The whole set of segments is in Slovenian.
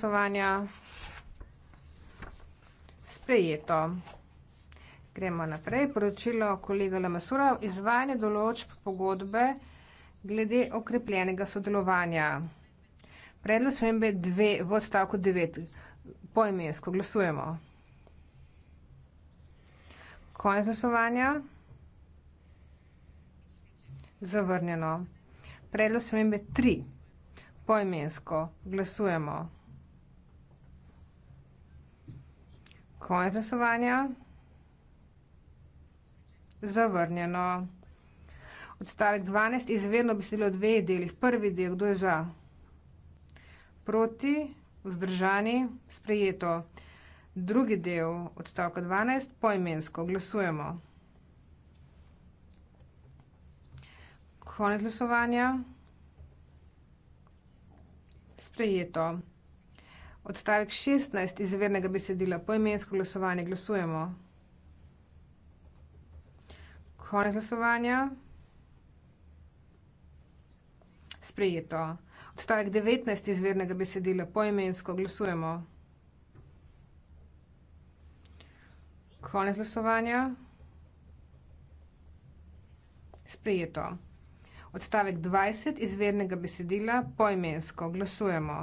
glasovanja sprejeto. Gremo naprej. Poročilo kolega Lamasura. Izvajanje določb pogodbe glede okrepljenega sodelovanja. Predlog smembe 2 v odstavku 9. Poimensko glasujemo. Konec glasovanja. Zavrnjeno. Predlog smembe 3. Poimensko glasujemo. konec glasovanja. Zavrnjeno. Odstavek 12. Izvedno besedilo v dveh delih. Prvi del, kdo je za? Proti, vzdržani, sprejeto. Drugi del odstavka 12, poimensko, glasujemo. Konec glasovanja. Sprejeto odstavek 16 izvirnega besedila, poimensko glasovanje, glasujemo. Konec glasovanja. Sprejeto. Odstavek 19 izvirnega besedila, poimensko glasujemo. Konec glasovanja. Sprejeto. Odstavek 20 izvirnega besedila, poimensko glasujemo.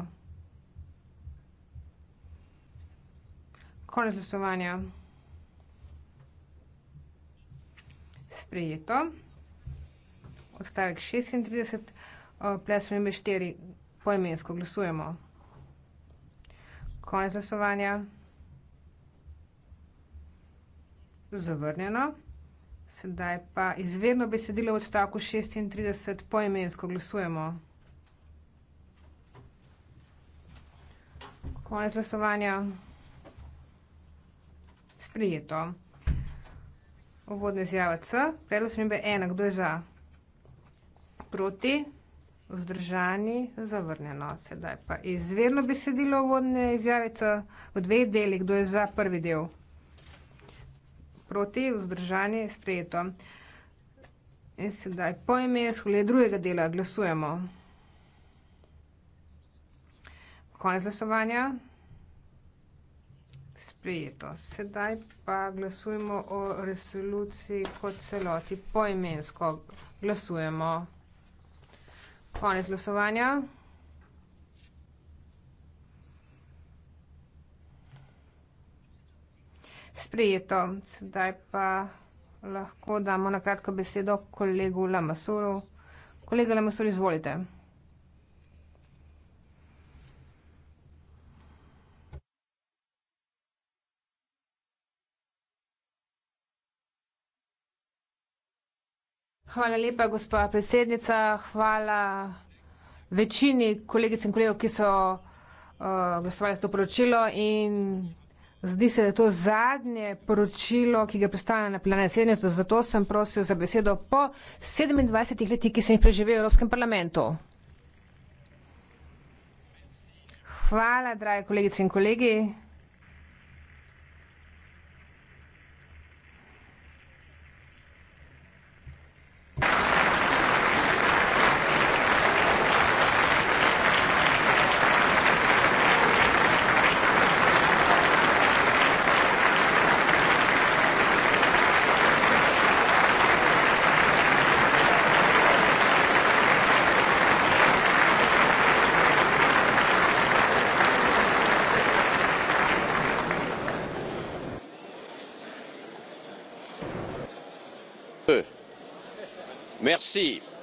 Konec glasovanja. Sprejeto. Odstavek 36, plesno ime 4, poimensko glasujemo. Konec glasovanja. Zavrnjeno. Sedaj pa izvedno besedilo v odstavku 36, poimensko glasujemo. Konec glasovanja sprejeto. Uvodna izjava C. Predlog spremembe ena. Kdo je za? Proti? Vzdržani? Zavrnjeno. Sedaj pa izvirno besedilo uvodne izjave C. V dveh delih. Kdo je za prvi del? Proti? Vzdržani? Sprejeto. In sedaj pojme iz hvile drugega dela. Glasujemo. Konec glasovanja. Konec glasovanja sprejeto. Sedaj pa glasujemo o resoluciji kot celoti poimensko. Glasujemo. Konec glasovanja. Sprejeto. Sedaj pa lahko damo na kratko besedo kolegu Lamasuru. Kolega Lamasur, izvolite. Hvala lepa, gospa predsednica. Hvala večini kolegic in kolegov, ki so uh, glasovali za to poročilo. In zdi se, da je to zadnje poročilo, ki ga predstavlja na plenarni sedni, zato sem prosil za besedo po 27 letih, ki sem jih preživel v Evropskem parlamentu. Hvala, drage kolegice in kolegi.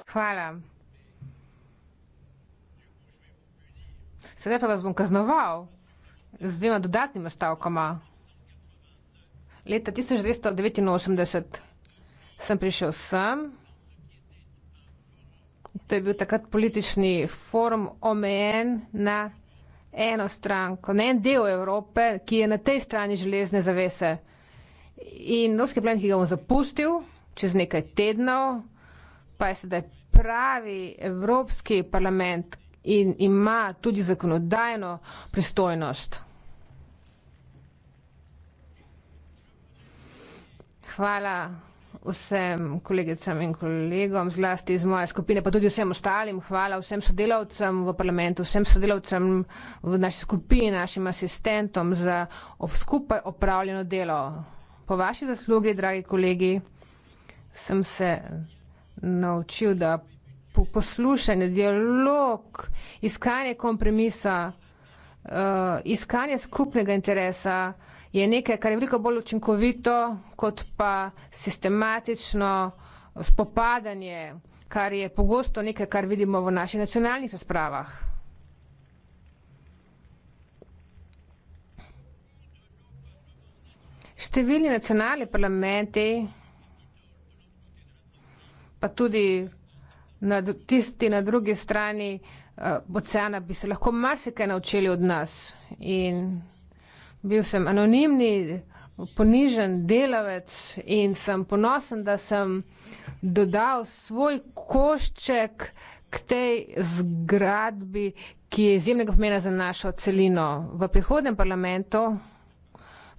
Hvala. Sedaj pa vas bom kaznoval z dvema dodatnima stavkoma. Leta 1989 sem prišel sem. To je bil takrat politični forum omejen na eno stranko, na en del Evrope, ki je na tej strani železne zavese. In ruski plen, ki ga bom zapustil čez nekaj tednov, pa je sedaj pravi Evropski parlament in ima tudi zakonodajno pristojnost. Hvala vsem kolegicam in kolegom, zlasti iz moje skupine, pa tudi vsem ostalim. Hvala vsem sodelavcem v parlamentu, vsem sodelavcem v naši skupini, našim asistentom za skupaj opravljeno delo. Po vaši zaslugi, dragi kolegi, sem se naučil, da poslušanje, dialog, iskanje kompromisa, uh, iskanje skupnega interesa je nekaj, kar je veliko bolj učinkovito, kot pa sistematično spopadanje, kar je pogosto nekaj, kar vidimo v naših nacionalnih razpravah. Številni nacionalni parlamenti pa tudi na, tisti na drugi strani uh, oceana bi se lahko marsikaj naučili od nas. In bil sem anonimni, ponižen delavec in sem ponosen, da sem dodal svoj košček k tej zgradbi, ki je izjemnega pomena za našo celino. V prihodnem parlamentu,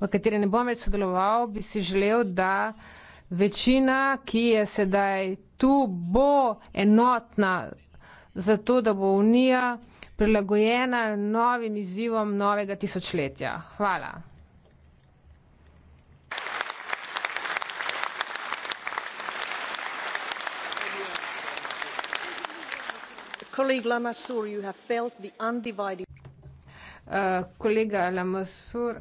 v katerem ne bom več sodeloval, bi si želel, da večina, ki je sedaj tu bo enotna za to, da bo Unija prilagojena novim izzivom novega tisočletja. Hvala. Uh, kolega Lamassoure,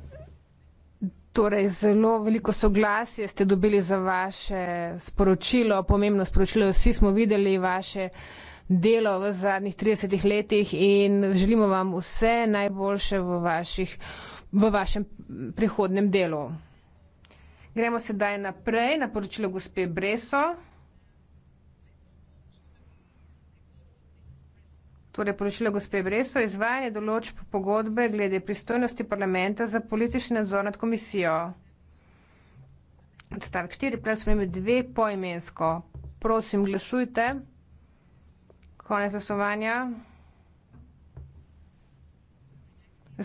Torej, zelo veliko soglasje ste dobili za vaše sporočilo, pomembno sporočilo. Vsi smo videli vaše delo v zadnjih 30 letih in želimo vam vse najboljše v, vaših, v vašem prihodnem delu. Gremo sedaj naprej na poročilo gospe Breso. Torej, poročilo gospe Breso, izvajanje določb pogodbe glede pristojnosti parlamenta za politični nadzor nad komisijo. Odstavek 4, prej smo imeli dve poimensko. Prosim, glasujte. Konec glasovanja.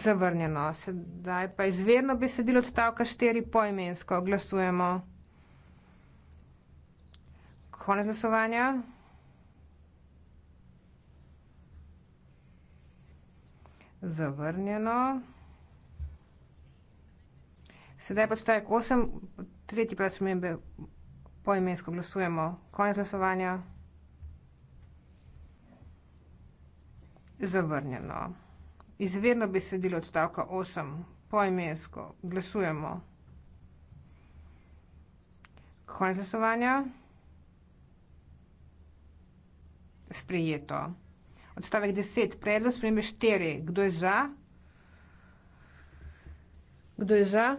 Zavrnjeno. Sedaj pa izverno besedilo odstavka 4 poimensko. Glasujemo. Konec glasovanja. Zavrnjeno. Sedaj pa stavek 8, tretji plat smembe, poimensko glasujemo. Konec glasovanja. Zavrnjeno. Izverno bi sedilo od stavka 8, poimensko glasujemo. Konec glasovanja. Sprijeto odstavek 10, predlog spremembe 4. Kdo je za? Kdo je za?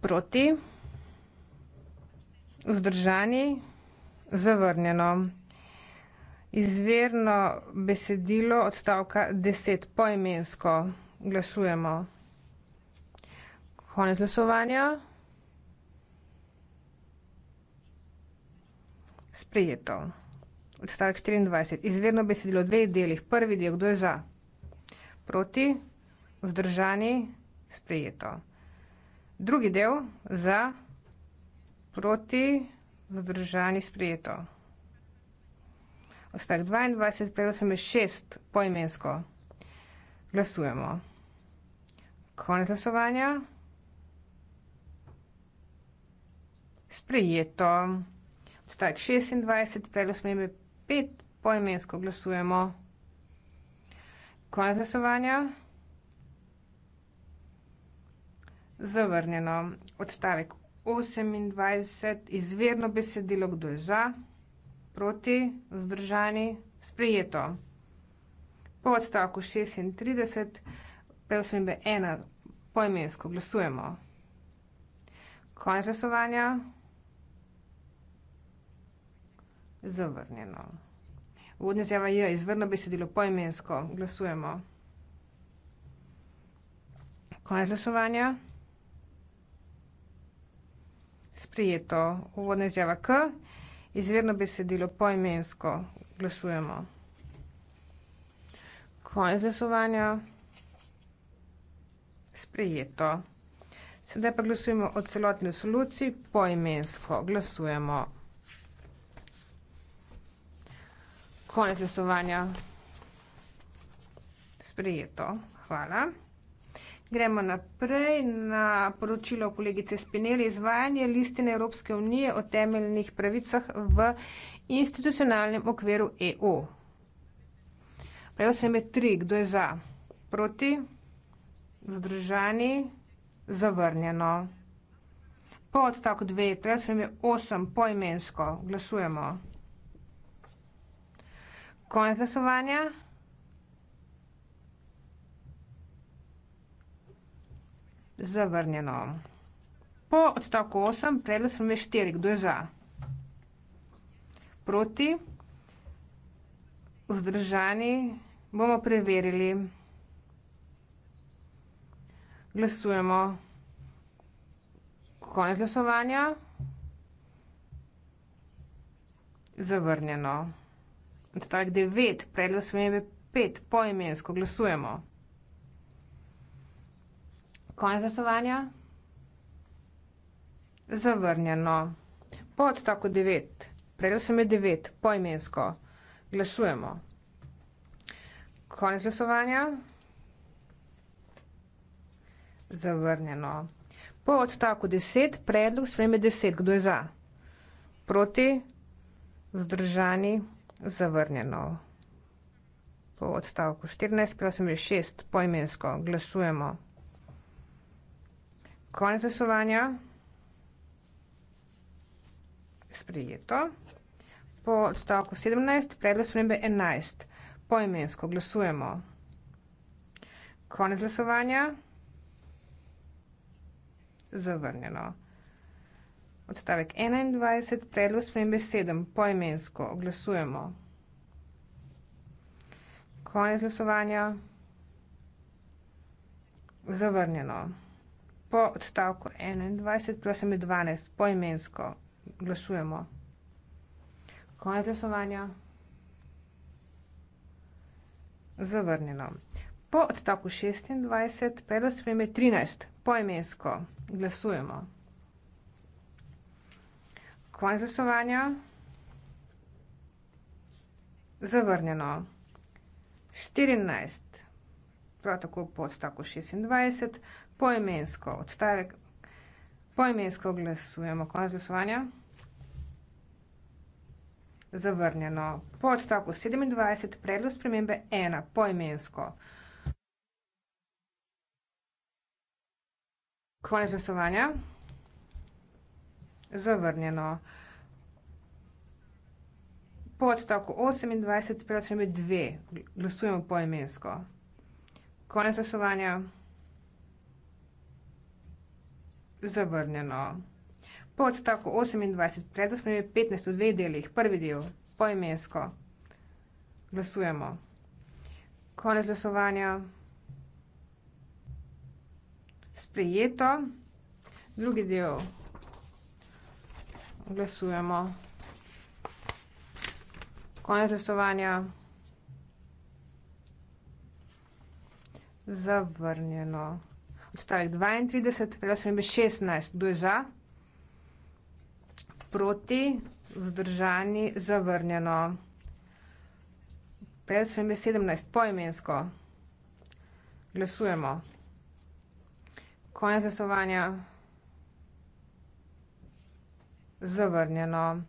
Proti? Vzdržani? Zavrnjeno. Izverno besedilo odstavka 10, poimensko. Glasujemo. Konec glasovanja. Sprijeto odstavek 24. Izvirno besedilo v dveh delih. Prvi del, kdo je za? Proti? Vzdržani? Sprejeto. Drugi del, za? Proti? Vzdržani? Sprejeto. Odstavek 22. Prejelo sem je šest poimensko. Glasujemo. Konec glasovanja. Sprejeto. Odstavek 26. Prejelo sem je spet poimensko glasujemo. Konec glasovanja. Zavrnjeno. Odstavek 28. Izverno besedilo, kdo je za, proti, vzdržani, sprejeto. Po odstavku 36. Preosmimbe 1. Poimensko glasujemo. Konec glasovanja zavrnjeno. Uvodna izjava je izvrno besedilo poimensko. Glasujemo. Konec glasovanja. Sprijeto. Uvodna izjava K. Izvirno besedilo poimensko. Glasujemo. Konec glasovanja. Sprijeto. Sedaj pa glasujemo o celotni resoluciji poimensko. Glasujemo. Konec glasovanja. Sprejeto. Hvala. Gremo naprej na poročilo kolegice Spinelli. Izvajanje listine Evropske unije o temeljnih pravicah v institucionalnem okviru EU. Prejelo se ime tri. Kdo je za? Proti? Zdržani? Zavrnjeno. Po odstavku dve. Prejelo se ime osem. Poimensko. Glasujemo. Glasujemo. Konec glasovanja. Zavrnjeno. Po odstavku 8 predlog spremembe 4. Kdo je za? Proti? Vzdržani? Bomo preverili. Glasujemo. Konec glasovanja. Zavrnjeno odstavek 9, predlog spremembe 5, poimensko glasujemo. Konec glasovanja? Zavrnjeno. Po odstavku 9, predlog spremembe 9, poimensko glasujemo. Konec glasovanja? Zavrnjeno. Po odstavku 10, predlog spremembe 10, kdo je za? Proti? Zdržani? zavrnjeno. Po odstavku 14, 86, poimensko glasujemo. Konec glasovanja. Sprijeto. Po odstavku 17, predlog spremembe 11, poimensko glasujemo. Konec glasovanja. Zavrnjeno. Odstavek 21, predlog spremembe 7, poimensko, glasujemo. Konec glasovanja. Zavrnjeno. Po odstavku 21, prosim, 12, poimensko, glasujemo. Konec glasovanja. Zavrnjeno. Po odstavku 26, predlog spremembe 13, poimensko, glasujemo. Konc glasovanja. Zavrnjeno. 14. Prav tako po odstavku 26. Poimensko odstavek. Poimensko glasujemo. Konc glasovanja. Zavrnjeno. Po odstavku 27. Predlog spremembe 1. Poimensko. Konec glasovanja zavrnjeno. Po odstavku 28 preračujemo dve, glasujemo poimensko. Konec glasovanja. Zavrnjeno. Po odstavku 28 preračujemo 15 v dveh delih. Prvi del poimensko. Glasujemo. Konec glasovanja. Sprejeto. Drugi del glasujemo. Konec glasovanja. Zavrnjeno. Odstavek 32, predlasujem 16. Kdo je za? Proti, zdržani, zavrnjeno. Predlasujem 17. Poimensko. Glasujemo. Konec glasovanja zavrnjeno.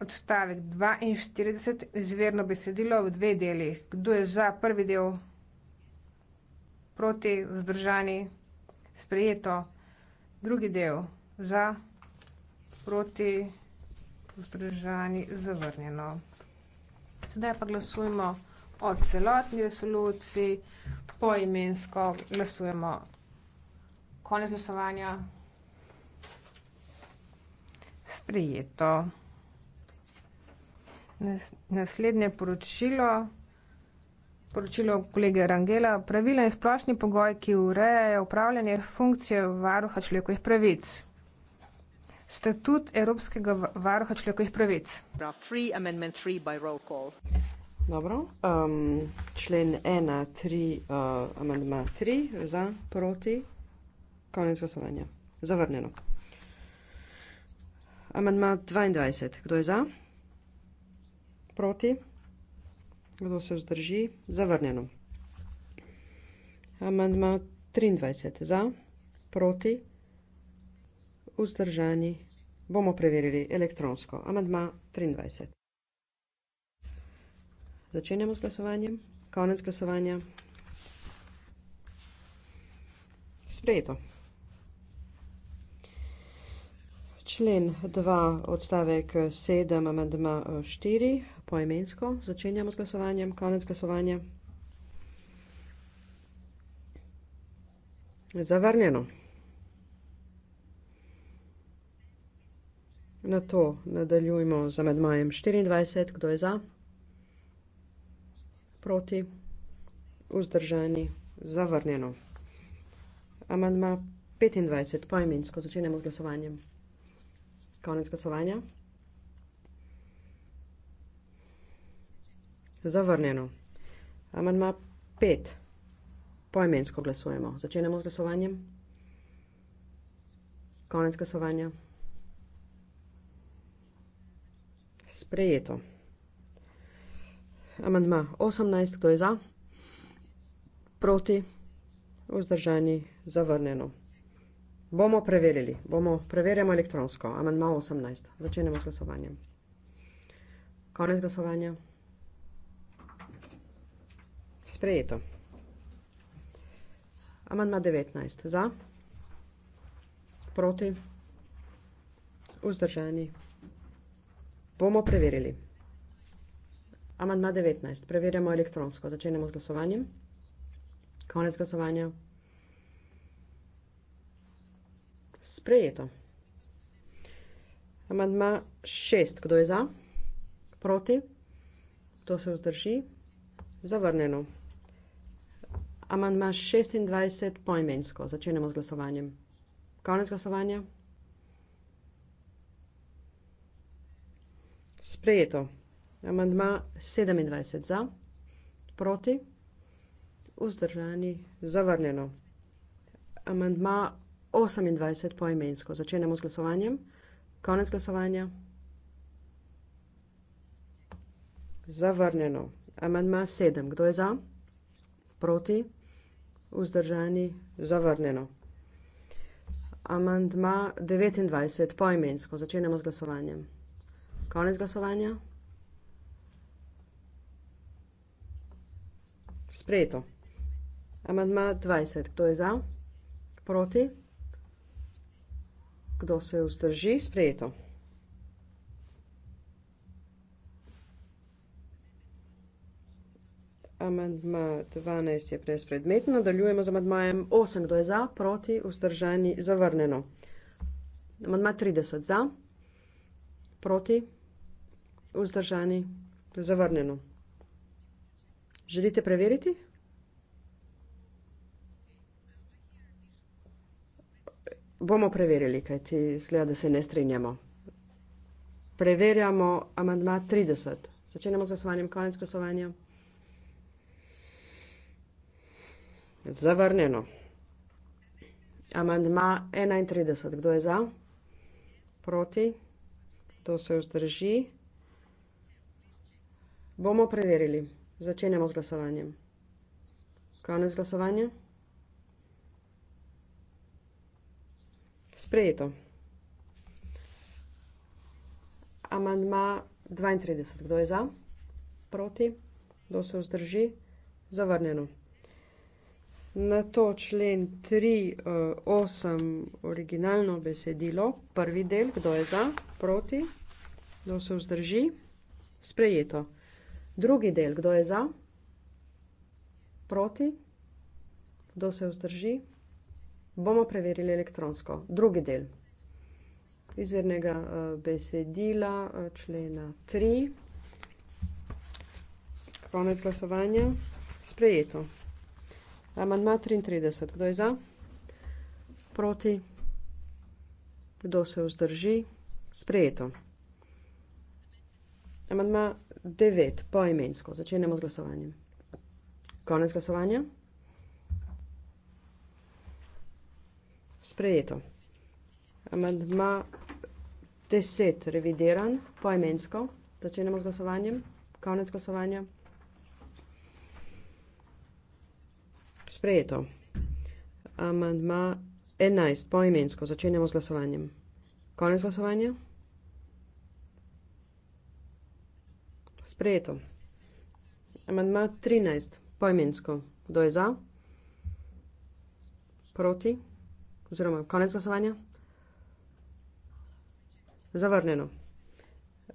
Odstavek 42, izverno besedilo v dveh delih. Kdo je za prvi del, proti, zdržani, sprejeto. Drugi del, za, proti, zdržani, zavrnjeno. Sedaj pa glasujemo o celotni resoluciji, poimensko glasujemo konec glasovanja. Sprijeto. Naslednje poročilo. Poročilo kolege Rangela. Pravila in splošni pogoj, ki urejajo upravljanje funkcije varuha človekovih pravic. Statut Evropskega varuha človekovih pravic. Dobro. Um, člen 1, 3, uh, amandma 3 za proti. Konec glasovanja. Zavrnjeno. Amandma 22. Kdo je za? Proti? Kdo se vzdrži? Zavrnjeno. Amandma 23. Za? Proti? Vzdržani? Bomo preverili elektronsko. Amandma 23. Začenjamo s glasovanjem. Konec glasovanja. Sprejeto. člen 2 odstavek 7 amendma 4 poimensko. Začenjamo s glasovanjem. Konec glasovanja. Zavrnjeno. Na to nadaljujemo z amendmajem 24. Kdo je za? Proti? Vzdržani? Zavrnjeno. Amendma 25. Poimensko. Začenjamo s glasovanjem. Konec glasovanja. Zavrnjeno. Amandma 5. Poimensko glasujemo. Začenjamo z glasovanjem. Konec glasovanja. Sprejeto. Amandma 18. Kdo je za? Proti? Vzdržani? Zavrnjeno. Bomo preverili, bomo preverjamo elektronsko. Amendma 18. Začenjamo s glasovanjem. Konec glasovanja. Sprejeto. Amendma 19. Za. Proti. Vzdržani. Bomo preverili. Amendma 19. Preverjamo elektronsko. Začenjamo s glasovanjem. Konec glasovanja. Sprejeto. Amandma šest. Kdo je za? Proti? Kdo se vzdrži? Zavrnjeno. Amandma šestindvajset poimensko. Začenjamo z glasovanjem. Konec glasovanja. Sprejeto. Amandma sedemindvajset za. Proti? Vzdržani? Zavrnjeno. Amandma 28 poimensko. Začenjamo z glasovanjem. Konec glasovanja. Zavrnjeno. Amendma 7. Kdo je za? Proti? Vzdržani? Zavrnjeno. Amendma 29 poimensko. Začenjamo z glasovanjem. Konec glasovanja. Sprejeto. Amendma 20. Kdo je za? Proti? kdo se vzdrži, sprejeto. Amandma 12 je prespredmet, nadaljujemo z amandmajem 8, kdo je za, proti, vzdržani, zavrneno. Amandma 30 za, proti, vzdržani, zavrneno. Želite preveriti? Bomo preverili, kaj ti zgleda, da se ne strinjamo. Preverjamo amandma 30. Začenjamo z glasovanjem, konec glasovanja. Zavrnjeno. Amandma 31. Kdo je za? Proti? Kdo se vzdrži? Bomo preverili. Začenjamo z glasovanjem. Konec glasovanja. Sprejeto. Amandma 32. Kdo je za? Proti? Kdo se vzdrži? Zavrnjeno. Na to člen 3, 8, eh, originalno besedilo, prvi del, kdo je za, proti, kdo se vzdrži, sprejeto. Drugi del, kdo je za, proti, kdo se vzdrži, bomo preverili elektronsko. Drugi del izvirnega eh, besedila, eh, člena 3, konec glasovanja, sprejeto. Amandma 33. Kdo je za? Proti? Kdo se vzdrži? Sprejeto. Amandma 9. Poimensko. Začenjamo z glasovanjem. Konec glasovanja. sprejeto. Amandma 10 revidiran poimensko. Začenemo z glasovanjem. Konec glasovanja. Sprejeto. Amandma 11 poimensko. Začenemo z glasovanjem. Konec glasovanja. Sprejeto. Amandma 13 poimensko. Kdo je za? Proti oziroma konec glasovanja. Zavrnjeno.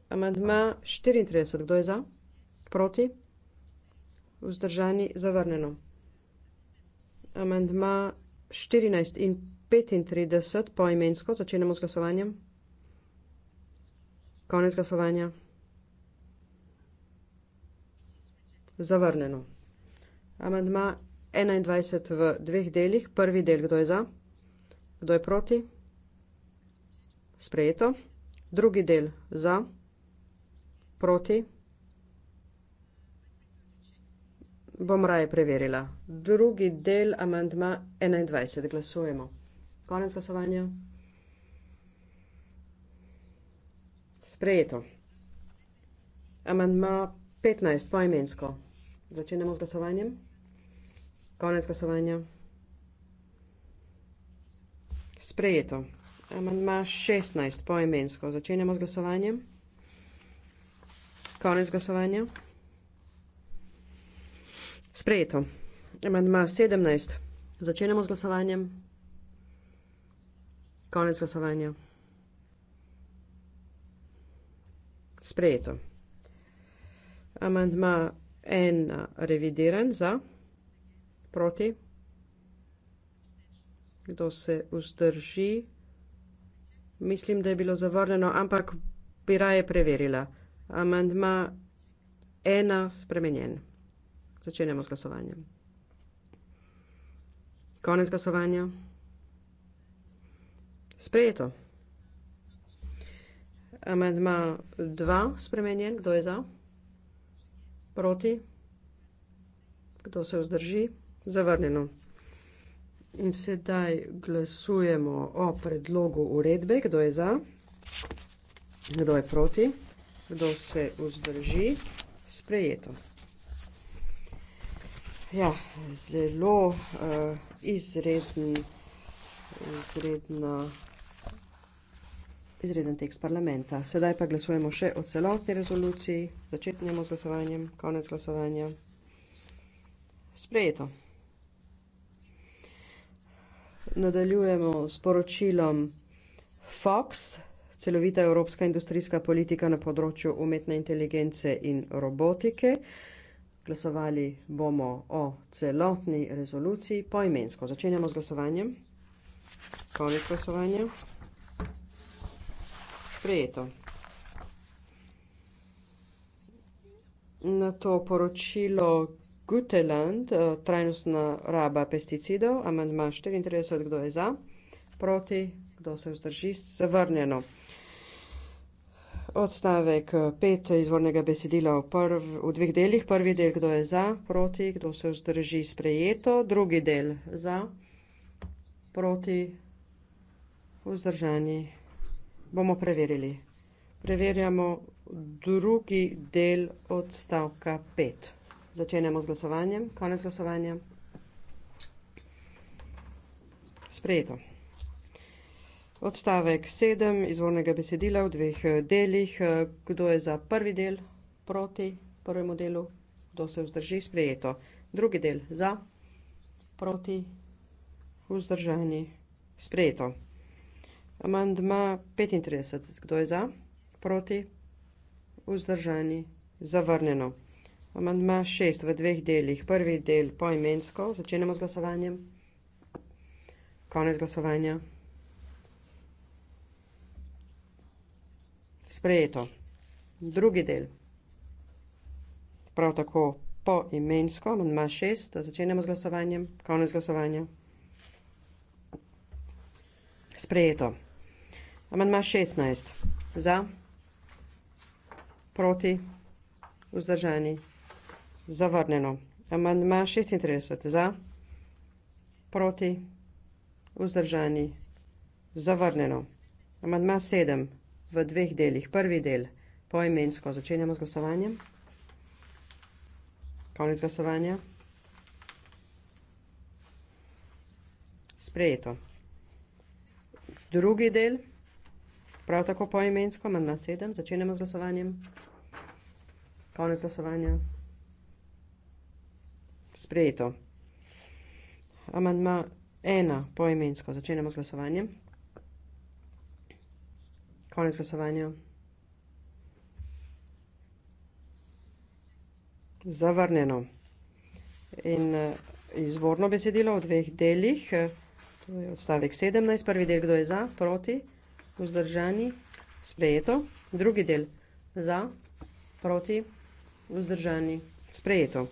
Amandma 34, kdo je za? Proti? Vzdržani, zavrnjeno. Amandma 14 in 35, poimensko, začenemo z glasovanjem. Konec glasovanja. Zavrnjeno. Amandma 21 v dveh delih, prvi del, kdo je za? Kdo je proti? Sprejeto. Drugi del za. Proti. Bom raje preverila. Drugi del amandma 21. Glasujemo. Konec glasovanja. Sprejeto. Amandma 15 poimensko. Začenjamo z glasovanjem. Konec glasovanja. Sprejeto. Amandma 16 poimensko. Začenjamo z glasovanjem. Konec glasovanja. Sprejeto. Amandma 17. Začenjamo z glasovanjem. Konec glasovanja. Sprejeto. Amandma 1 revidiran za. Proti kdo se vzdrži. Mislim, da je bilo zavrneno, ampak bi raje preverila. Amandma ena spremenjen. Začenjamo s glasovanjem. Konec glasovanja. Sprejeto. Amandma dva spremenjen. Kdo je za? Proti? Kdo se vzdrži? Zavrneno. In sedaj glasujemo o predlogu uredbe. Kdo je za? Kdo je proti? Kdo se vzdrži? Sprejeto. Ja, zelo uh, izreden, izredna, izreden tekst parlamenta. Sedaj pa glasujemo še o celotni rezoluciji. Začetnemo z glasovanjem, konec glasovanja. Sprejeto nadaljujemo s poročilom Fox, celovita evropska industrijska politika na področju umetne inteligence in robotike. Glasovali bomo o celotni rezoluciji poimensko. Začenjamo z glasovanjem. Konec glasovanja. Sprejeto. Na to poročilo, Guteland, eh, trajnostna raba pesticidov, amandma 34, kdo je za, proti, kdo se vzdrži, zavrnjeno. Odstavek 5 eh, izvornega besedila v, prv, v dveh delih. Prvi del, kdo je za, proti, kdo se vzdrži, sprejeto. Drugi del za, proti, vzdržani. Bomo preverili. Preverjamo drugi del odstavka 5. Začenjamo z glasovanjem. Konec glasovanja. Sprejeto. Odstavek sedem izvornega besedila v dveh eh, delih. Eh, kdo je za prvi del proti prvemu delu? Kdo se vzdrži? Sprejeto. Drugi del za, proti, vzdržani. Sprejeto. Amandma 35. Kdo je za, proti, vzdržani? Zavrnjeno. Amandma šest v dveh delih. Prvi del poimensko, začenjamo z glasovanjem. Konec glasovanja. Sprejeto. Drugi del. Prav tako poimensko, amandma šest, da začenjamo z glasovanjem. Konec glasovanja. Sprejeto. Amandma šestnajst. Za. Proti. Vzdržani. Zavrnjeno. Amandma 36 za, proti, vzdržani, zavrnjeno. Amandma 7 v dveh delih. Prvi del poimensko. Začenjamo z glasovanjem. Konec glasovanja. Sprejeto. Drugi del, prav tako poimensko, amandma 7, začenjamo z glasovanjem. Konec glasovanja sprejeto. Amandma ena poimensko, začenjamo z glasovanjem. Konec glasovanja. Zavrnjeno. In eh, izvorno besedilo v dveh delih, to je odstavek 17, prvi del, kdo je za, proti, vzdržani, sprejeto, drugi del, za, proti, vzdržani, sprejeto.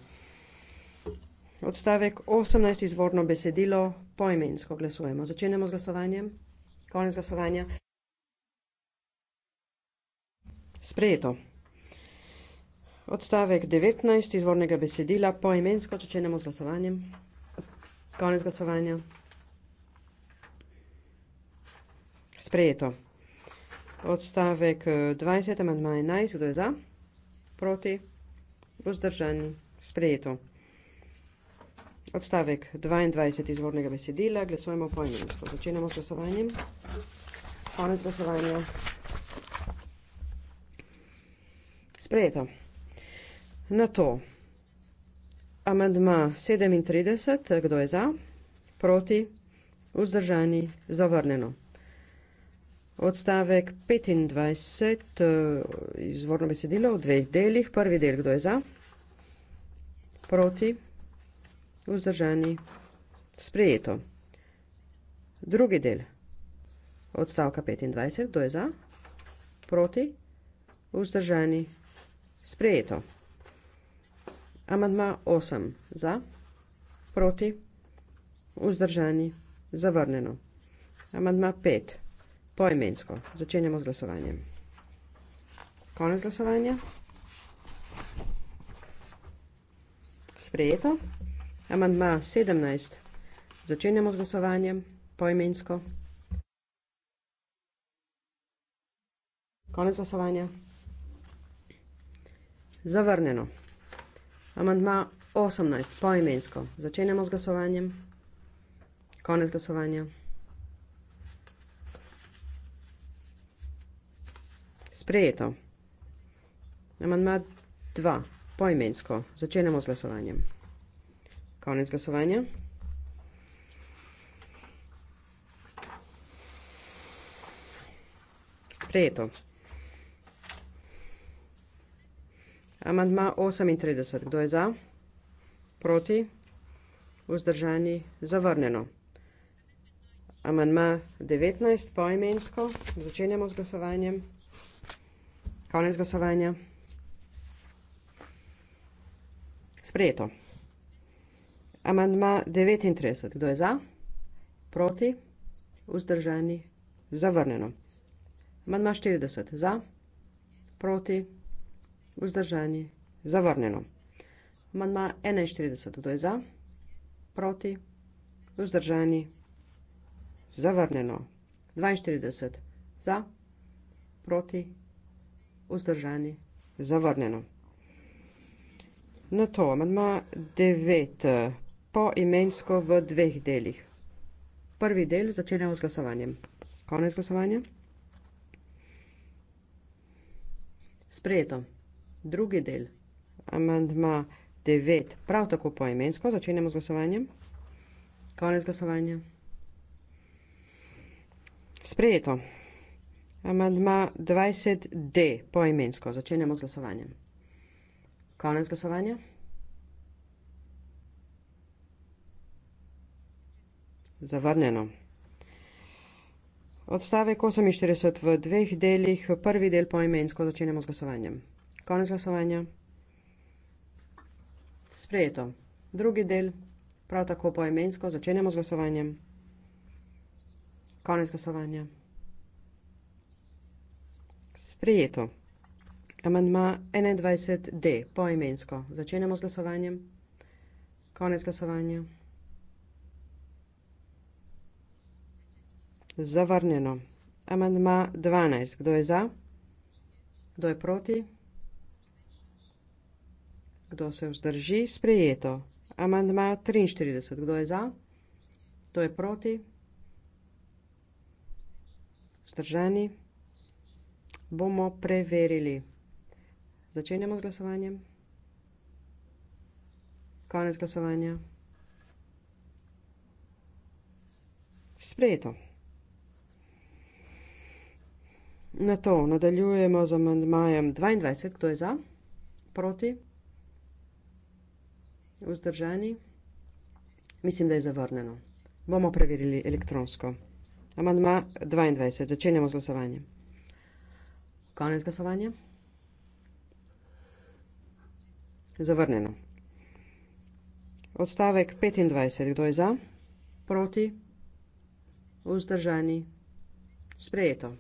Odstavek 18 izvorno besedilo poimensko glasujemo. Začenjamo z glasovanjem. Konec glasovanja. Sprejeto. Odstavek 19 izvornega besedila poimensko začenjamo z glasovanjem. Konec glasovanja. Sprejeto. Odstavek 20, amandma 11, kdo je za? Proti? Vzdržani? Sprejeto. Odstavek 22 izvornega besedila, glasujemo poimensko. Začenjamo s glasovanjem. Konec glasovanja. Sprejeto. Na to. Amendma 37, kdo je za? Proti? Vzdržani? Zavrneno. Odstavek 25 eh, izvorno besedilo v dveh delih. Prvi del, kdo je za? Proti? vzdržani, sprejeto. Drugi del odstavka 25, kdo je za, proti, vzdržani, sprejeto. Amandma 8, za, proti, vzdržani, zavrneno. Amandma 5, poimensko, začenjamo z glasovanjem. Konec glasovanja. Sprejeto. Amandma 17. Začenjamo z glasovanjem poimensko. Konec glasovanja. Zavrnjeno. Amandma 18. Poimensko. Začenjamo z glasovanjem. Konec glasovanja. Sprejeto. Amandma 2. Poimensko. Začenjamo z glasovanjem. Konec glasovanja. Sprejeto. Amandma 38. Kdo je za? Proti? Vzdržani? Zavrneno. Amandma 19. Poimensko. Začenjamo z glasovanjem. Konec glasovanja. Sprejeto amandma 39. Kdo je za? Proti? Vzdržani? Zavrnjeno. Amandma 40. Za? Proti? Vzdržani? Zavrnjeno. Amandma 41. Kdo je za? Proti? Vzdržani? Zavrnjeno. 42. Za? Proti? Vzdržani? Zavrnjeno. Na to, amandma 9, poimensko v dveh delih. Prvi del začenjamo z glasovanjem. Konec glasovanja. Sprejeto. Drugi del. Amandma 9. Prav tako poimensko začenjamo z glasovanjem. Konec glasovanja. Sprejeto. Amandma 20D. Poimensko začenjamo z glasovanjem. Konec glasovanja. zavrnjeno. Odstavek 48 v dveh delih, prvi del poimensko začenjamo z glasovanjem. Konec glasovanja. Sprejeto. Drugi del, prav tako poimensko, začenjamo z glasovanjem. Konec glasovanja. Sprejeto. Amandma 21d, poimensko, začenjamo z glasovanjem. Konec glasovanja. Zavrnjeno. Amandma 12. Kdo je za? Kdo je proti? Kdo se vzdrži? Sprejeto. Amandma 43. Kdo je za? Kdo je proti? Vzdržani. Bomo preverili. Začenjamo z glasovanjem. Konec glasovanja. Sprejeto. Na to nadaljujemo z amendmajem 22, kdo je za, proti, vzdržani. Mislim, da je zavrneno. Bomo preverili elektronsko. Amandma 22, začenjamo z glasovanjem. Konec glasovanja. Zavrneno. Odstavek 25, kdo je za, proti, vzdržani, sprejeto.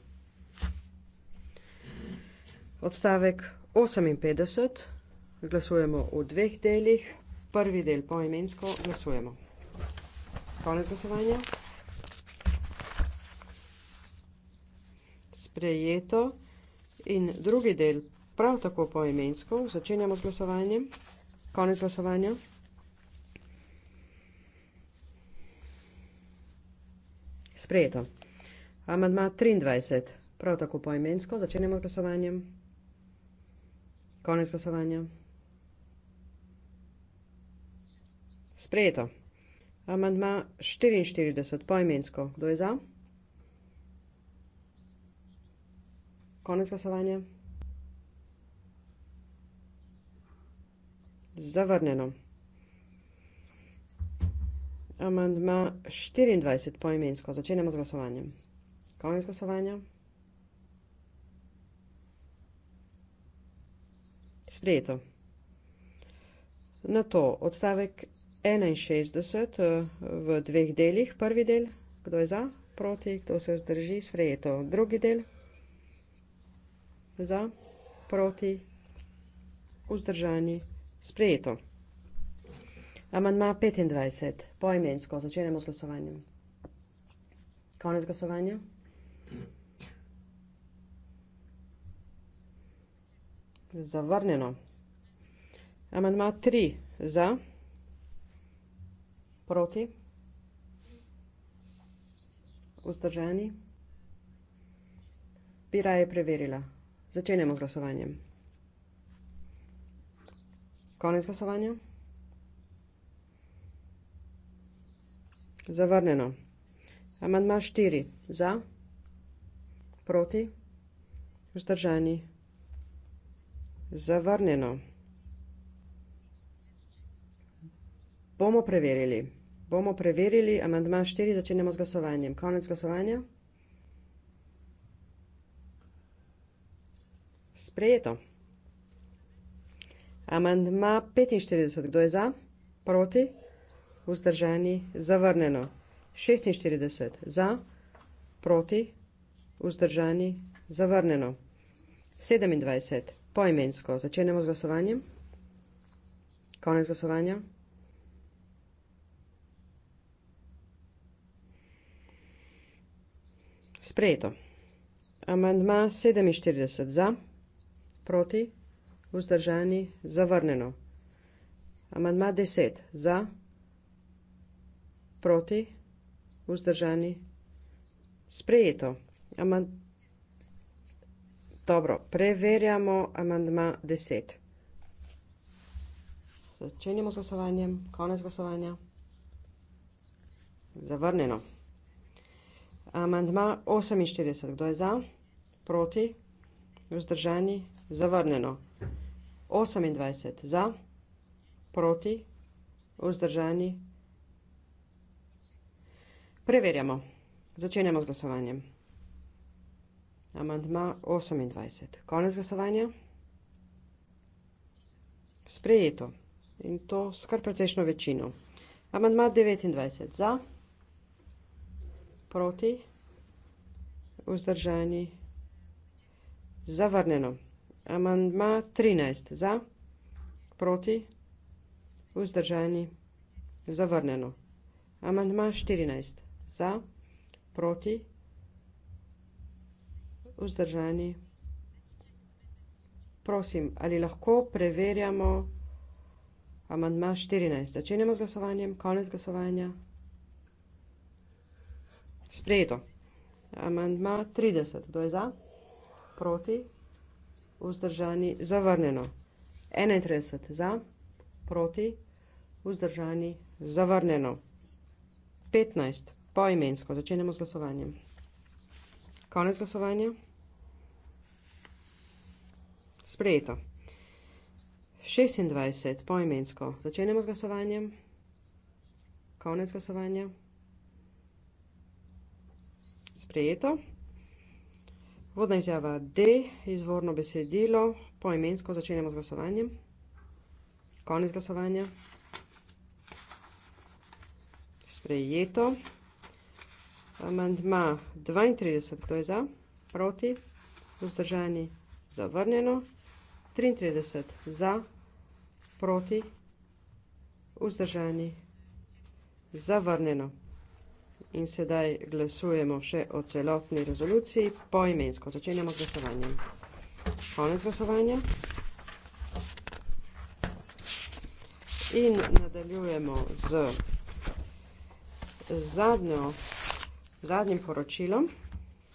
Odstavek 58, glasujemo v dveh delih, prvi del poimensko glasujemo. Konec glasovanja. Sprejeto in drugi del prav tako poimensko, začenjamo z glasovanjem. Konec glasovanja. Sprejeto. Amandma 23, prav tako poimensko, začenjamo z glasovanjem. Konec glasovanja. Sprejeto. Amandma 44, poimensko. Kdo je za? Konec glasovanja. Zavrnjeno. Amandma 24, poimensko. Začenjamo z glasovanjem. Konec glasovanja. Sprejeto. Na to odstavek 61 eh, v dveh delih. Prvi del, kdo je za, proti, kdo se vzdrži, sprejeto. Drugi del, za, proti, vzdržani, sprejeto. Amandma 25, poimensko, začenjamo z glasovanjem. Konec glasovanja. Zavrnjeno. Amandma tri za. Proti. Vzdržani. Bi raje preverila. Začenjamo z glasovanjem. Konec glasovanja. Zavrnjeno. Amandma štiri za. Proti. Vzdržani. Zavrnjeno. Bomo preverili. Bomo preverili amandma 4, začenjamo z glasovanjem. Konec glasovanja. Sprejeto. Amandma 45. Kdo je za? Proti? Vzdržani? Zavrnjeno. 46. Za? Proti? Vzdržani? Zavrnjeno. 27 poimensko. Začenjamo z glasovanjem. Konec glasovanja. Sprejeto. Amandma 47 za, proti, vzdržani, zavrnjeno. Amandma 10 za, proti, vzdržani, sprejeto. Amandma Dobro, preverjamo amandma 10. Začenjamo s glasovanjem, konec glasovanja. Zavrnjeno. Amandma 48, kdo je za? Proti? Vzdržani? Zavrnjeno. 28 za, proti, vzdržani. Preverjamo. Začenjamo z glasovanjem. Amandma 28. Konec glasovanja. Sprejeto. In to s kar precejšno večino. Amandma 29. Za. Proti. Vzdržani. Zavrnjeno. Amandma 13. Za. Proti. Vzdržani. Zavrnjeno. Amandma 14. Za. Proti. Vzdržani vzdržani. Prosim, ali lahko preverjamo amandma 14. Začenjamo z glasovanjem, konec glasovanja. Sprejeto. Amandma 30. Kdo je za? Proti? Vzdržani? Zavrnjeno. 31. Za? Proti? Vzdržani? Zavrnjeno. 15. Poimensko. Začenjamo z glasovanjem. Konec glasovanja. Sprejeto. 26 poimensko. Začenjamo z glasovanjem. Konec glasovanja. Sprejeto. Vodna izjava D, izvorno besedilo, poimensko začenjamo z glasovanjem. Konec glasovanja. Sprejeto. Amandma 32, kdo je za? Proti. Vzdržani. Zavrnjeno. 33 za, proti, vzdržani, zavrnjeno. In sedaj glasujemo še o celotni rezoluciji poimensko. Začenjamo z glasovanjem. Konec glasovanja. In nadaljujemo z zadnjo, zadnjim poročilom.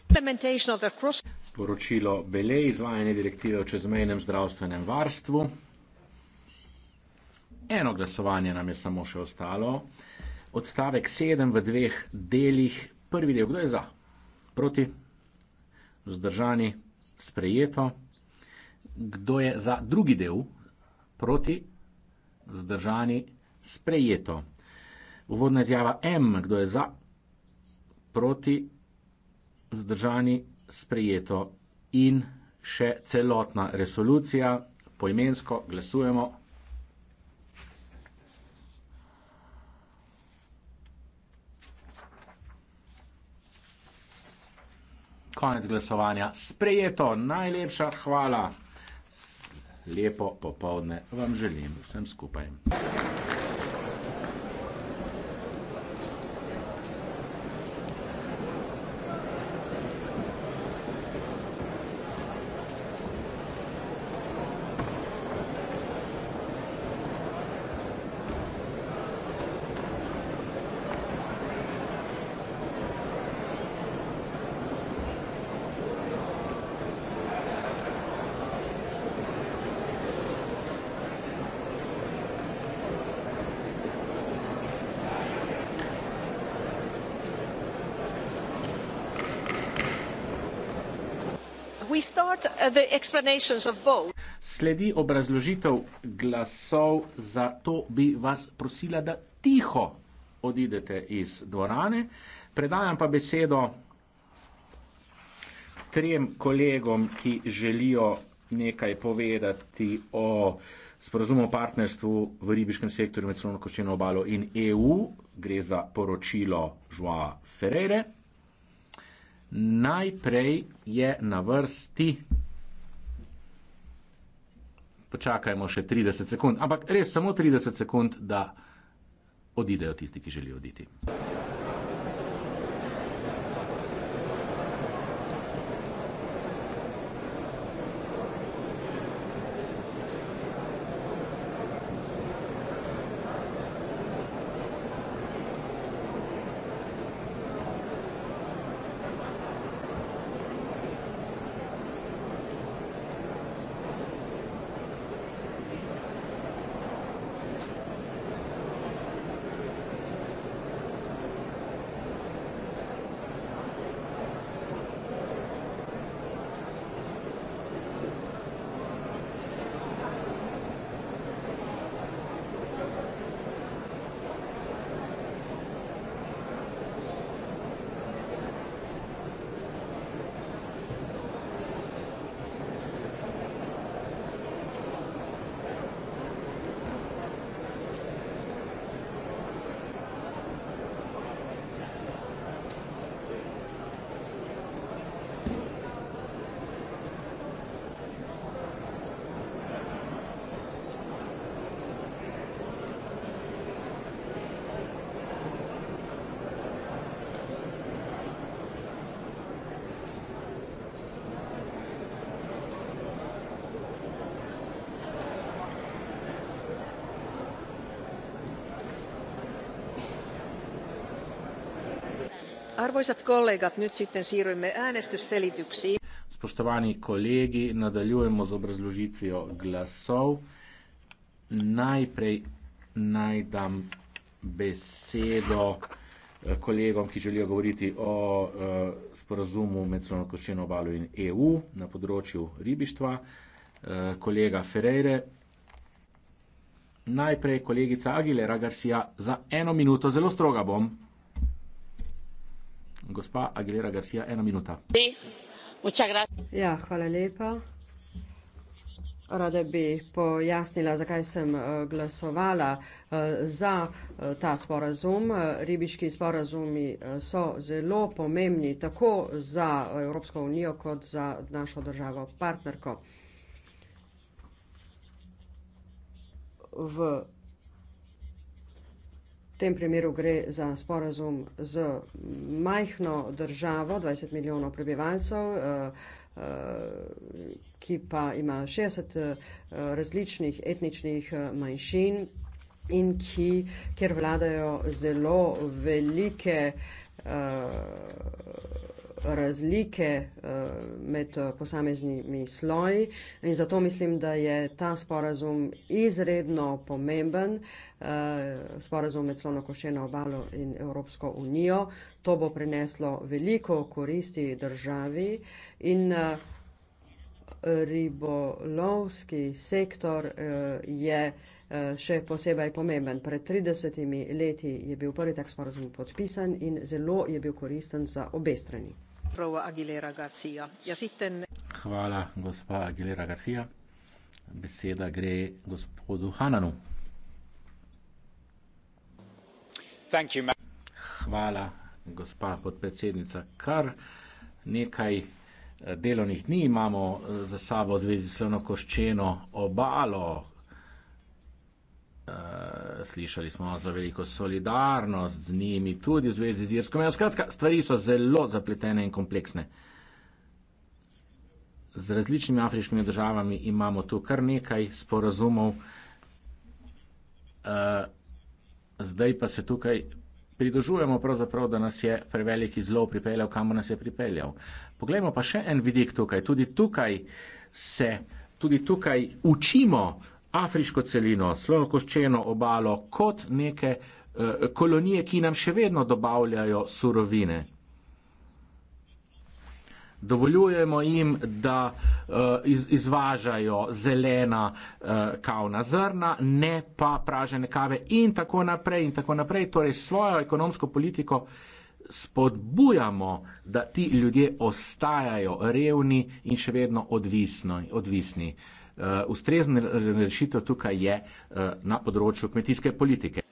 implementation of the cross sporočilo Bele, izvajanje direktive o čezmejnem zdravstvenem varstvu. Eno glasovanje nam je samo še ostalo. Odstavek 7 v dveh delih. Prvi del, kdo je za? Proti? Vzdržani? Sprejeto. Kdo je za drugi del? Proti? Vzdržani? Sprejeto. Uvodna izjava M. Kdo je za? Proti? Vzdržani? Sprejeto sprejeto in še celotna resolucija, poimensko glasujemo. Konec glasovanja sprejeto, najlepša hvala. Lepo popovdne vam želim vsem skupaj. we start uh, the explanations of vote. Sledi obrazložitev glasov, zato bi vas prosila, da tiho odidete iz dvorane. Predajam pa besedo trem kolegom, ki želijo nekaj povedati o sporozumu o partnerstvu v ribiškem sektorju med Slovenko Koščeno obalo in EU. Gre za poročilo Joa Ferreira. Najprej je na vrsti, počakajmo še 30 sekund, ampak res samo 30 sekund, da odidejo tisti, ki želijo oditi. Spoštovani kolegi, nadaljujemo z obrazložitvijo glasov. Najprej naj dam besedo eh, kolegom, ki želijo govoriti o eh, sporazumu med Slovenijo obalo in EU na področju ribištva. Eh, kolega Ferreire. Najprej kolegica Aguilera Garcia za eno minuto, zelo stroga bom. Gospa Aguilera Garcia, ena minuta. Ja, hvala lepa. Rada bi pojasnila, zakaj sem eh, glasovala eh, za eh, ta sporazum. Ribiški sporazumi so zelo pomembni tako za Evropsko unijo kot za našo državo partnerko. V V tem primeru gre za sporazum z majhno državo, 20 milijonov prebivalcev, eh, eh, ki pa ima 60 eh, različnih etničnih manjšin in ki, kjer vladajo zelo velike razlike eh, med eh, posameznimi sloji in zato mislim, da je ta sporazum izredno pomemben, eh, sporazum med Slonokošeno obalo in Evropsko unijo. To bo prineslo veliko koristi državi in ribolovski sektor je še posebej pomemben. Pred 30 leti je bil prvi tak sporazum podpisan in zelo je bil koristen za obe strani gospa Aguilera Garcia. Ja, sitten... Hvala, gospa Aguilera Garcia. Beseda gre gospodu Hananu. Thank you, Hvala, gospa podpredsednica. Kar nekaj eh, delovnih dni imamo eh, za sabo v zvezi s slonokoščeno obalo, Eh, slišali smo za veliko solidarnost z njimi, tudi v zvezi z Irsko. Ja, skratka, stvari so zelo zapletene in kompleksne. Z različnimi afriškimi državami imamo tu kar nekaj sporazumov, eh, zdaj pa se tukaj pridružujemo, pravzaprav, da nas je preveliki zlo pripeljal, kamor nas je pripeljal. Poglejmo pa še en vidik tukaj. Tudi tukaj se, tudi tukaj učimo, afriško celino, slovenoščeno obalo kot neke eh, kolonije, ki nam še vedno dobavljajo surovine. Dovoljujemo jim, da eh, izvažajo zelena eh, kavna zrna, ne pa pražene kave in tako naprej in tako naprej. Torej svojo ekonomsko politiko spodbujamo, da ti ljudje ostajajo revni in še vedno odvisni. odvisni. Uh, ustrezna rešitev tukaj je uh, na področju kmetijske politike.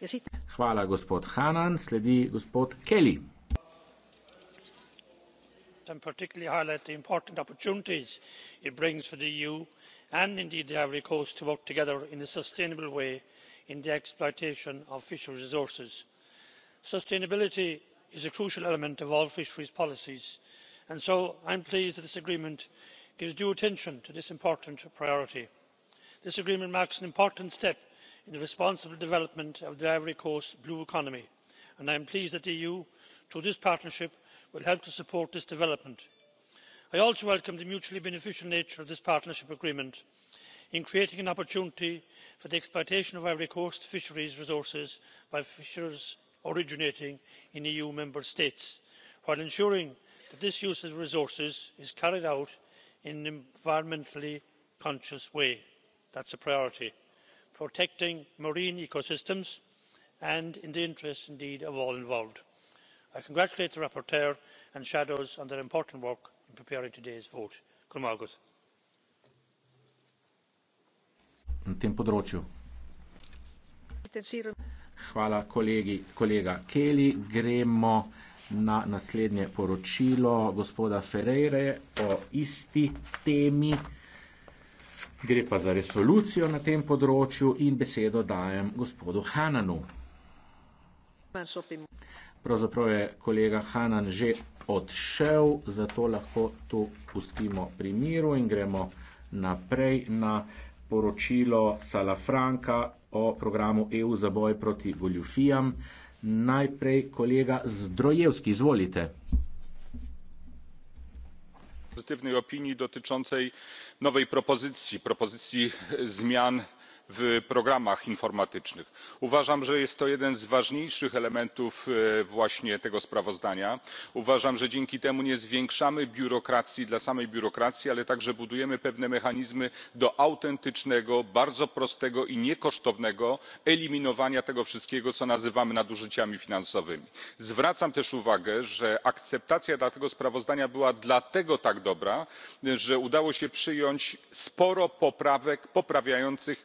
Hvala, gospod Hanan. Sledi gospod Kelly. And particularly highlight the important opportunities it brings for the EU and indeed the Ivory Coast to work together in a sustainable way in the exploitation of fishery resources. Sustainability is a crucial element of all fisheries policies, and so I'm pleased that this agreement gives due attention to this important priority. this agreement marks an important step in the responsible development of the ivory coast blue economy and i am pleased that the eu through this partnership will help to support this development. i also welcome the mutually beneficial nature of this partnership agreement in creating an opportunity for the exploitation of ivory coast fisheries resources by fishers originating in eu member states while ensuring that this use of resources is carried out in an environmentally conscious way that's a priority protecting marine ecosystems and in the interests indeed of all involved. i congratulate the rapporteur and shadows on their important work in preparing today's vote na naslednje poročilo gospoda Ferreira o isti temi. Gre pa za resolucijo na tem področju in besedo dajem gospodu Hananu. Pravzaprav je kolega Hanan že odšel, zato lahko tu pustimo pri miru in gremo naprej na poročilo Salafranka o programu EU za boj proti goljufijam. Najprej kolega Zdrojevski, izvolite. pozitivnej opinii dotyczącej nowej propozycji propozycji zmian w programach informatycznych. uważam że jest to jeden z ważniejszych elementów e, właśnie tego sprawozdania. uważam że dzięki temu nie zwiększamy biurokracji dla samej biurokracji ale także budujemy pewne mechanizmy do autentycznego bardzo prostego i niekosztownego eliminowania tego wszystkiego co nazywamy nadużyciami finansowymi. zwracam też uwagę że akceptacja dla tego sprawozdania była dlatego tak dobra że udało się przyjąć sporo poprawek poprawiających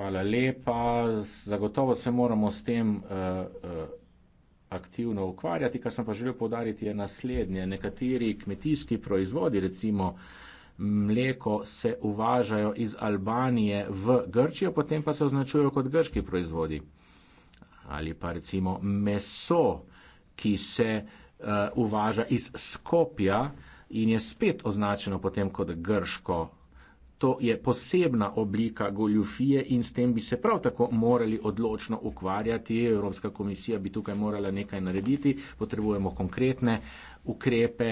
Hvala lepa. Zagotovo se moramo s tem uh, uh, aktivno ukvarjati. Kar sem pa želel povdariti je naslednje. Nekateri kmetijski proizvodi, recimo mleko, se uvažajo iz Albanije v Grčijo, potem pa se označujejo kot grški proizvodi. Ali pa recimo meso, ki se uh, uvaža iz Skopja in je spet označeno potem kot grško To je posebna oblika goljufije in s tem bi se prav tako morali odločno ukvarjati. Evropska komisija bi tukaj morala nekaj narediti. Potrebujemo konkretne ukrepe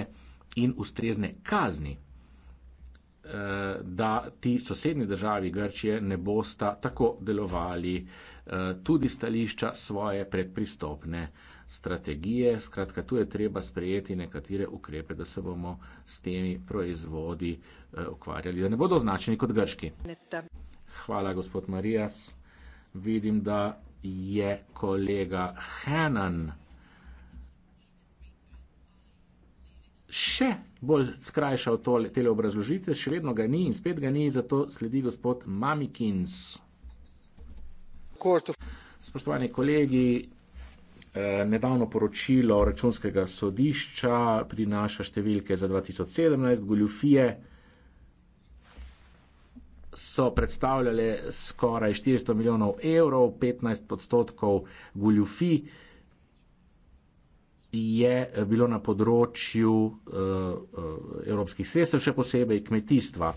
in ustrezne kazni, eh, da ti sosednji državi Grčije ne bosta tako delovali eh, tudi stališča svoje predpristopne strategije. Skratka, tu je treba sprejeti nekatere ukrepe, da se bomo s temi proizvodi eh, ukvarjali, da ne bodo označeni kot grški. Hvala, gospod Marijas. Vidim, da je kolega Henan. Še bolj skrajšal tole, tele obrazložitve, še vedno ga ni in spet ga ni, zato sledi gospod Mamikins. Spoštovani kolegi, Eh, nedavno poročilo računskega sodišča prinaša številke za 2017, goljufije so predstavljale skoraj 400 milijonov evrov, 15 odstotkov goljufij je bilo na področju uh, uh, evropskih sredstev, še posebej kmetijstva.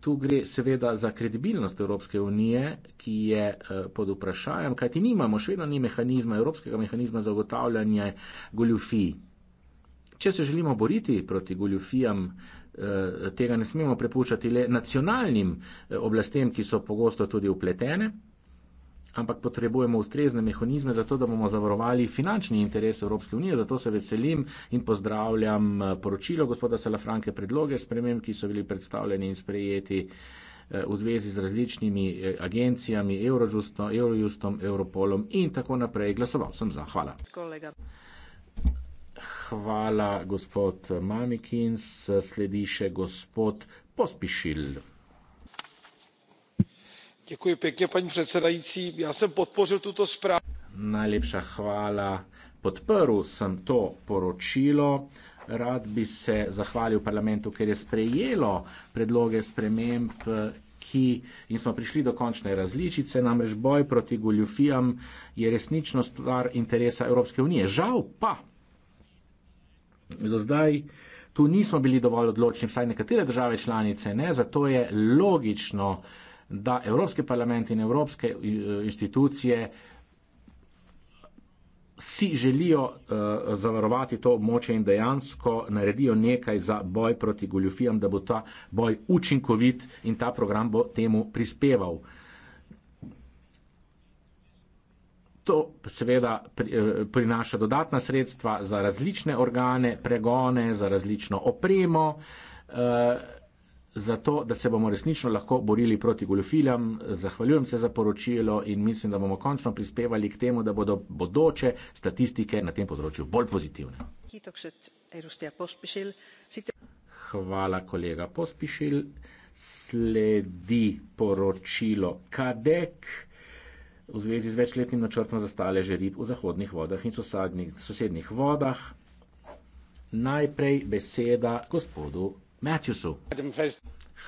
Tu gre seveda za kredibilnost Evropske unije, ki je eh, pod vprašanjem, kajti nimamo, še vedno ni mehanizma, evropskega mehanizma za ugotavljanje goljufij. Če se želimo boriti proti goljufijam, eh, tega ne smemo prepuščati le nacionalnim eh, oblastem, ki so pogosto tudi upletene ampak potrebujemo ustrezne mehanizme za to, da bomo zavarovali finančni interes Evropske unije. Zato se veselim in pozdravljam eh, poročilo gospoda Salafranke predloge sprememb, ki so bili predstavljeni in sprejeti eh, v zvezi z različnimi eh, agencijami, Eurojustom, Eurojustom Europolom in tako naprej. Glasoval sem za. Hvala. Kolega. Hvala, gospod Mamikins. Sledi še gospod Pospišil paní předsedající já jsem podpořil tuto zprávu. najlepša hvala podprl sem to poročilo rad bi se zahvalil parlamentu ker je sprejelo predloge sprememb ki in smo prišli do končne različice namreč boj proti goljufijam je resnično stvar interesa evropske unije žal pa do zdaj tu nismo bili dovolj odločni vsaj nekatere države članice ne zato je logično da Evropski parlament in evropske eh, institucije si želijo uh, zavarovati to območje in dejansko naredijo nekaj za boj proti goljufijam, da bo ta boj učinkovit in ta program bo temu prispeval. To seveda pri, uh, prinaša dodatna sredstva za različne organe, pregone, za različno opremo. Uh, za to, da se bomo resnično lahko borili proti goljofiljam. Zahvaljujem se za poročilo in mislim, da bomo končno prispevali k temu, da bodo bodoče statistike na tem področju bolj pozitivne. Hvala, kolega Pospišil. Sledi poročilo KADEK v zvezi z večletnim načrtom za staleže rib v zahodnih vodah in sosednih vodah. Najprej beseda gospodu Matthewsu.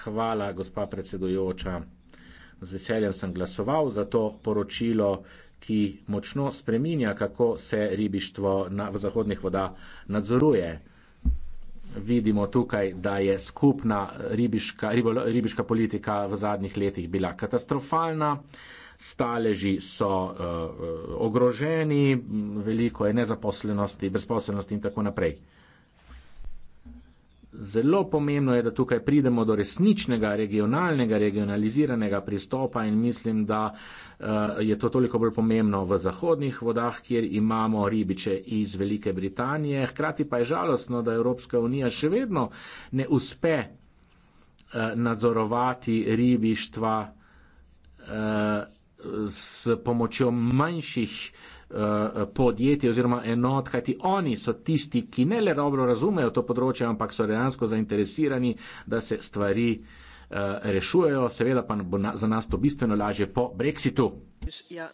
Hvala, gospa predsedujoča. Z veseljem sem glasoval za to poročilo, ki močno spreminja, kako se ribištvo na, v zahodnih voda nadzoruje. Vidimo tukaj, da je skupna ribiška, ribolo, ribiška politika v zadnjih letih bila katastrofalna, staleži so uh, ogroženi, veliko je nezaposlenosti, brezposlenosti in tako naprej. Uh, zelo pomembno je, da tukaj pridemo do resničnega regionalnega, regionaliziranega pristopa in mislim, da eh, je to toliko bolj pomembno v zahodnih vodah, kjer imamo ribiče iz Velike Britanije. Hkrati pa je žalostno, da Evropska unija še vedno ne uspe eh, nadzorovati ribištva eh, s pomočjo manjših Eh, podjetij oziroma enot, kajti oni so tisti, ki ne le dobro razumejo to področje, ampak so dejansko zainteresirani, da se stvari eh, rešujejo, seveda pa bo na, za nas to bistveno lažje po brexitu. Ja,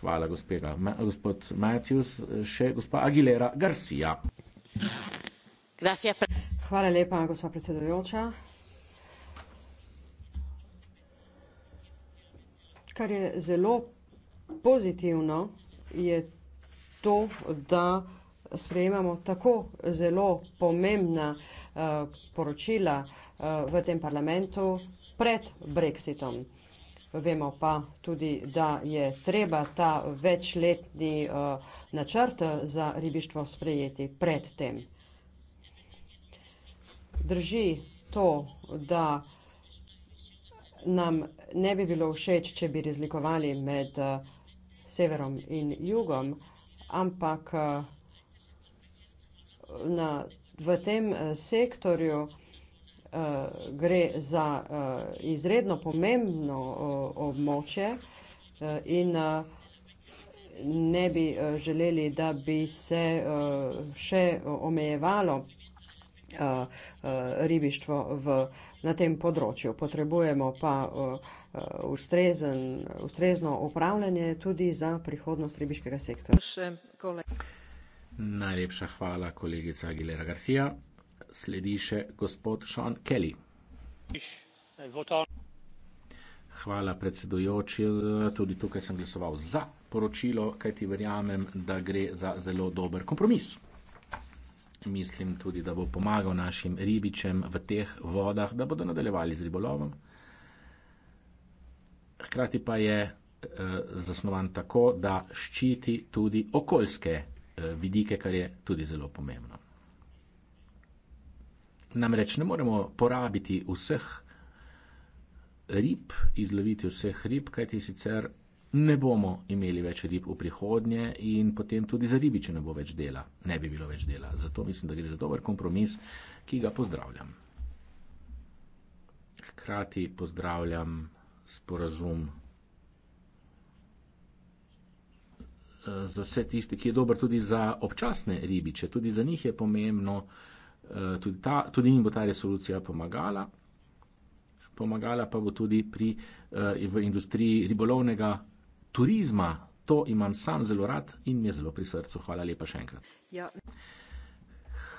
Hvala, gospega. gospod Matthews. Še gospa Aguilera Garcia. Hvala lepa, gospa predsedujoča. Kar je zelo pozitivno je to, da sprejemamo tako zelo pomembna eh, poročila eh, v tem parlamentu pred Brexitom. Vemo pa tudi, da je treba ta večletni eh, načrt za ribištvo sprejeti pred tem. Drži to, da nam ne bi bilo všeč, če bi razlikovali med uh, severom in jugom, ampak eh, na, v tem eh, sektorju eh, gre za izredno pomembno območje in ne bi želeli, da bi se še omejevalo uh, ribištvo v, na tem področju. Potrebujemo pa uh, ustrezen, ustrezno upravljanje tudi za prihodnost ribiškega sektorja. Najlepša hvala, kolegica Aguilera Garcia. Sledi še gospod Sean Kelly. Hvala predsedujoči. Tudi tukaj sem glasoval za poročilo, kajti verjamem, da gre za zelo dober kompromis. Mislim tudi, da bo pomagal našim ribičem v teh vodah, da bodo nadaljevali z ribolovom. Hkrati pa je eh, zasnovan tako, da ščiti tudi okoljske eh, vidike, kar je tudi zelo pomembno. Namreč ne moremo porabiti vseh rib, izloviti vseh rib, kajti sicer ne bomo imeli več rib v prihodnje in potem tudi za ribiče ne bo več dela, ne bi bilo več dela. Zato mislim, da gre za dober kompromis, ki ga pozdravljam. Hkrati pozdravljam sporazum eh, za vse tiste, ki je dober tudi za občasne ribiče, tudi za njih je pomembno, eh, tudi, ta, tudi jim bo ta resolucija pomagala. Pomagala pa bo tudi pri, eh, v industriji ribolovnega turizma, to imam sam zelo rad in mi je zelo pri srcu. Hvala lepa še enkrat. Ja.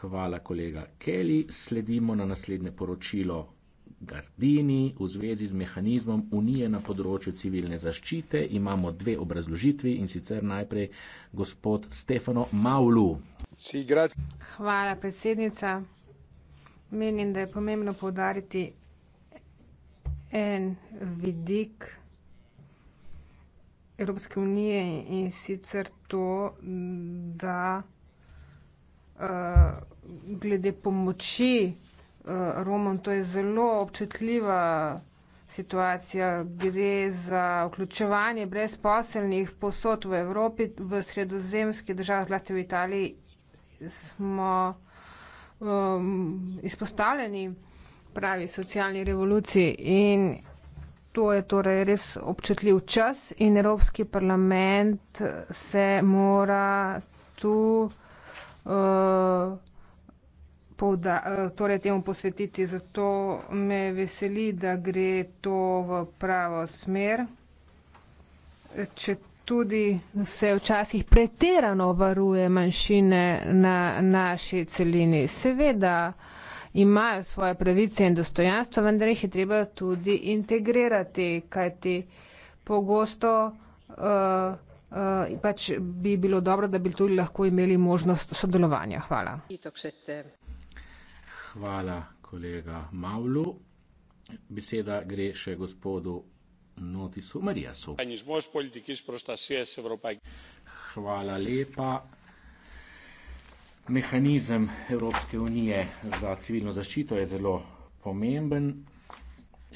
Hvala, kolega Kelly. Sledimo na naslednje poročilo Gardini v zvezi z mehanizmom Unije na področju civilne zaščite. Imamo dve obrazložitvi in sicer najprej gospod Stefano Maulu. Hvala, predsednica. Menim, da je pomembno povdariti en vidik. Evropske unije in sicer to, da uh, glede pomoči uh, Romom, to je zelo občutljiva situacija, gre za vključevanje brezposelnih posod v Evropi, v sredozemski državi, zlasti v Italiji, smo um, izpostavljeni pravi socialni revoluciji in To je torej res občutljiv čas in Evropski parlament se mora tu uh, eh, povda, eh, torej temu posvetiti. Zato me veseli, da gre to v pravo smer. Če tudi se včasih pretirano varuje manjšine na naši celini. Seveda imajo svoje pravice in dostojanstvo, vendar jih je treba tudi integrirati, kajti pogosto uh, uh, pač bi bilo dobro, da bi tudi lahko imeli možnost sodelovanja. Hvala. Hvala, kolega Mavlu. Beseda gre še gospodu Notisu Marijasu. Hvala lepa. Mehanizem Evropske unije za civilno zaščito je zelo pomemben,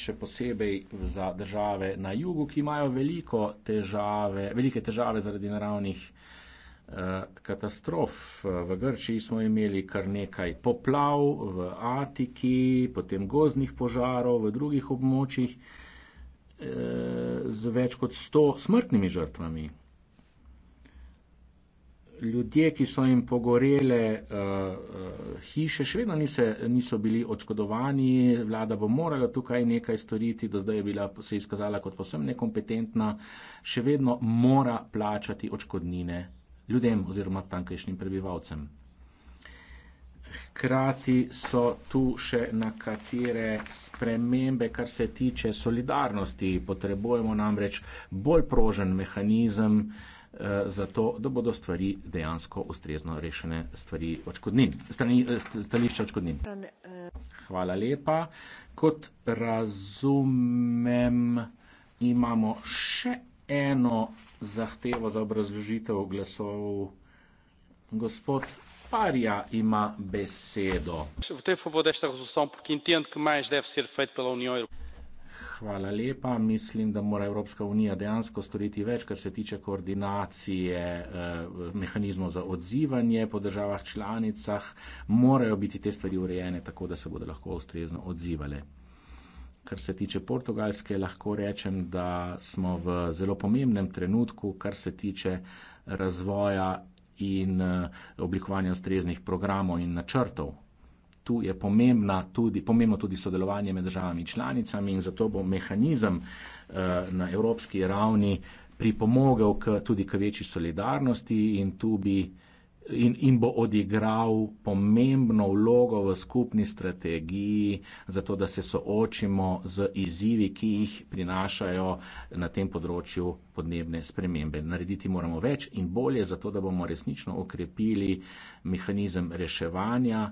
še posebej za države na jugu, ki imajo težave, velike težave zaradi naravnih eh, katastrof. V Grčiji smo imeli kar nekaj poplav, v Atiki, potem gozdnih požarov, v drugih območjih eh, z več kot sto smrtnimi žrtvami ljudje, ki so jim pogorele uh, uh, hiše, še vedno nise, niso bili očkodovani, vlada bo morala tukaj nekaj storiti, do zdaj je bila se izkazala kot posebno nekompetentna, še vedno mora plačati očkodnine ljudem oziroma tankajšnjim prebivalcem. Hkrati so tu še nekatere spremembe, kar se tiče solidarnosti. Potrebujemo namreč bolj prožen mehanizem, uh, Eh, zato, da bodo stvari dejansko ustrezno rešene, stvari očkodnin, strani, eh, stališča očkodnin. Hvala lepa. Kot razumem, imamo še eno zahtevo za obrazložitev glasov. Gospod Parija ima besedo. V tej fobodešnjah z vstopom, ki je tijan, ki manjš deve ser fejt pela Unijo Evropske hvala lepa. Mislim, da mora Evropska unija dejansko storiti več, kar se tiče koordinacije eh, mehanizmov za odzivanje po državah članicah. Morajo biti te stvari urejene tako, da se bodo lahko ustrezno odzivale. Kar se tiče Portugalske, lahko rečem, da smo v zelo pomembnem trenutku, kar se tiče razvoja in eh, oblikovanja ustreznih programov in načrtov tu je tudi, pomembno tudi sodelovanje med državami članicami in zato bo mehanizem eh, na evropski ravni pripomogel k, tudi k večji solidarnosti in tu bi In, in bo odigral pomembno vlogo v skupni strategiji, zato da se soočimo z izzivi, ki jih prinašajo na tem področju podnebne spremembe. Narediti moramo več in bolje, zato da bomo resnično okrepili mehanizem reševanja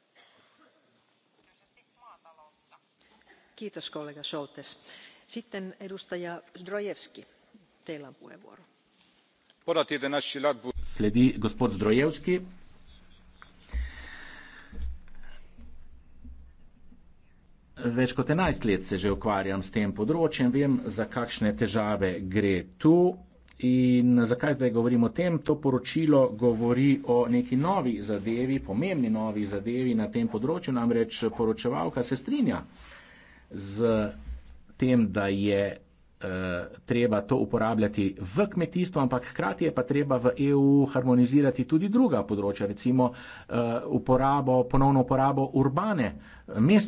gospa predsednica več kot enajst let se že ukvarjam s tem področjem vem za kakšne težave gre tu in zakaj zdaj govorim o tem to poročilo govori o neki novi zadevi pomembni novi zadevi na tem področju namreč poročevalka se strinja z tem, da je eh, treba to uporabljati v kmetijstvu, ampak hkrati je pa treba v EU harmonizirati tudi druga področja, recimo eh, uporabo, ponovno uporabo urbane eh, mesta.